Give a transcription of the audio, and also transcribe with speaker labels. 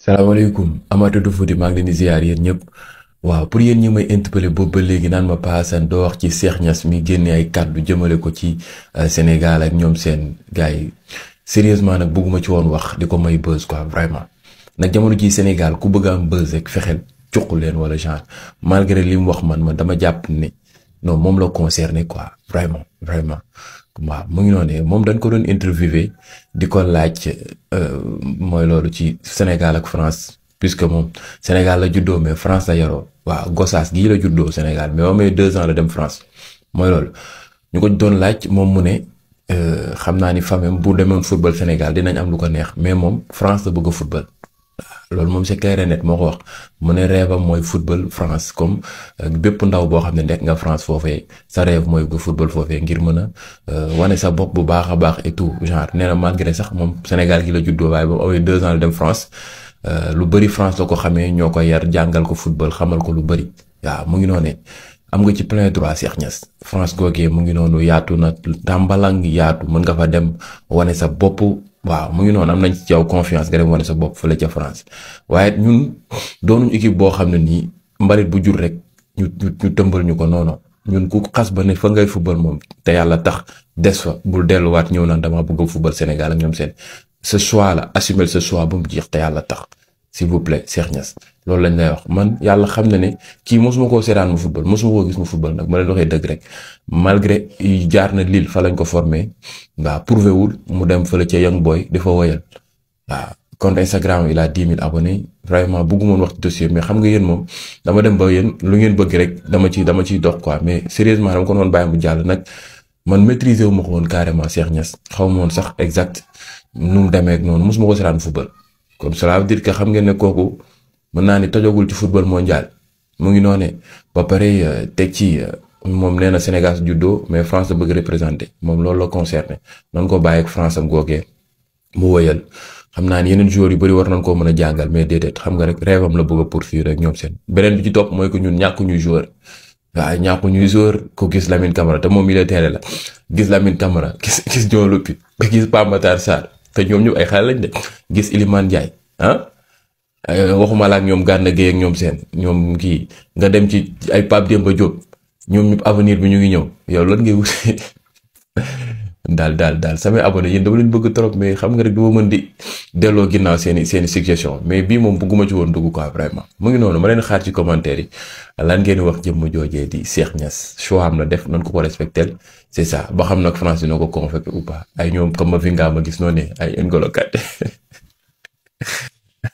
Speaker 1: salaamaaleykum amateur de foot maa ngi leen di ziar yéen ñëpp waaw pour yéen ñi may interpellé boobu ba léegi naan ma Pa doo wax ci Cheikh Niass mi génne ay kàddu jëmale ko ci euh, Sénégal ak ñoom seen gars yi sérieusement nag bëgguma ci woon wax di ko may buzz quoi vraiment nag jamono ji Sénégal ku bëgg am buzz rek fexeel cuq leen wala genre malgré li mu wax man ma dama jàpp ni non moom la concerné quoi vraiment vraiment. waaw mu ngi noonu moom dañ ko doon interviewé di ko laaj euh, mooy loolu ci Sénégal ak France puisque moom Sénégal la juddoo mais France la yaroo waaw Gossas gii la juddoo Sénégal mais moom deux ans la dem France mooy loolu ñu ko doon laaj moom mu ne euh, xam naa ni famille bu demoon football Sénégal dinañ am lu ko neex mais moom France la bëgg a football loolu moom c'est clair et moo ko wax mu ne rêve am mooy football France comme euh, bépp ndaw boo xam ne nekk nga France foofee sa rêve mooy nga football foofee ngir mën a euh, wane sa bopp bu baax a baax et tout genre nee na malgré sax moom Sénégal gi la juddoo waaye ba mu dem France euh, lu bëri France la ko xamee ñoo ko yar jàngal ko football xamal ko lu bëri waaw mu ngi noonee am nga ci plein droit Cheikh Niass France googee mu ngi noonu yaatu na tàmbalang yaatu mën nga fa dem wane sa bopp. waaw mu ngi noonu am nañ ci yow confiance nga dem wane sa bopp fële ca France waaye ñun doonuñu équipe boo xam ne nii mbalit bu jur rek ñu ñu tëmbal ñu ko noonu ñun ku xas ba ne fa ngay football moom te yàlla tax des fa bul delluwaat ñëw naan damaa bëgg a football Sénégal ak ñoom seen ce choix la assumer ce choix ba mu jeex te yàlla tax. s'il vous plaît ñas loolu lañ lay wax man yàlla xam na ne kii mosuma koo seetaan mu football mosuma koo gis mu football nag ma leen waxee dëgg rek malgré jaar na Lille fa lañ ko formé waaw prouvé wul mu dem fële ca Young Boy di fa woyal waaw compte Instagram il a dix mille abonnés vraiment bëgguma woon wax ci dossier mais xam nga yéen moom dama dem ba yéen lu ngeen bëgg rek dama ci dama ciy dox quoi mais sérieusement dama ko doon bàyyi mu jàll nag man maîtriser wu ko woon carrément Cheikh Niass xaw ma woon sax exact nu mu demee noonu mosuma ko seetaan football. kon cela veut dire que xam ngeen ne kooku mën naa ni tojagul ci football mondial mu ngi noone ba pare euh, teg ci euh, moom nee na Sénégal juddoo mais France la bëgg représenté moom loolu la concerné nan ko bàyyi ak France am googee mu woyal xam naa ni yeneen joueurs yu bari war nañ koo mën a jàngal mais déedéet xam nga rek rêve la bëgg a poursuivre rek ñoom seen beneen bi ci topp mooy que ñun ñàkk ñuy joueur waaw ñàkk ñuy joueur ko gis Lamine Camara te moom mi la la gis Lamine Camara gis gis Dion Lopy gis Pape Matar Sarr te ñoom ñu ay xale lañ de gis Iliman Ndiaye ah waxuma la ak ñoom Gana Gueye ak ñoom seen ñoom kii nga dem ci ay Pape ba Diop ñoom ñëpp avenir bi ñu ngi ñëw yow lan ngay wut daal daal daal samay abonné yéen dama leen bëgg trop mais xam nga rek du ma mën di delloo ginnaaw seen i seen i suggestion mais bii moom bëgguma ci woon dugg quoi vraiment mu ngi noonu ma leen xaar ci commentaire yi lan ngeen wax jëmm joojee di Cheikh Niass choix am la def nan ko ko respectel c'est ça ba xam nag France dina ko convoqué ou pas ñoom comme ma fi nga ma gis noonu ne ay N'Golo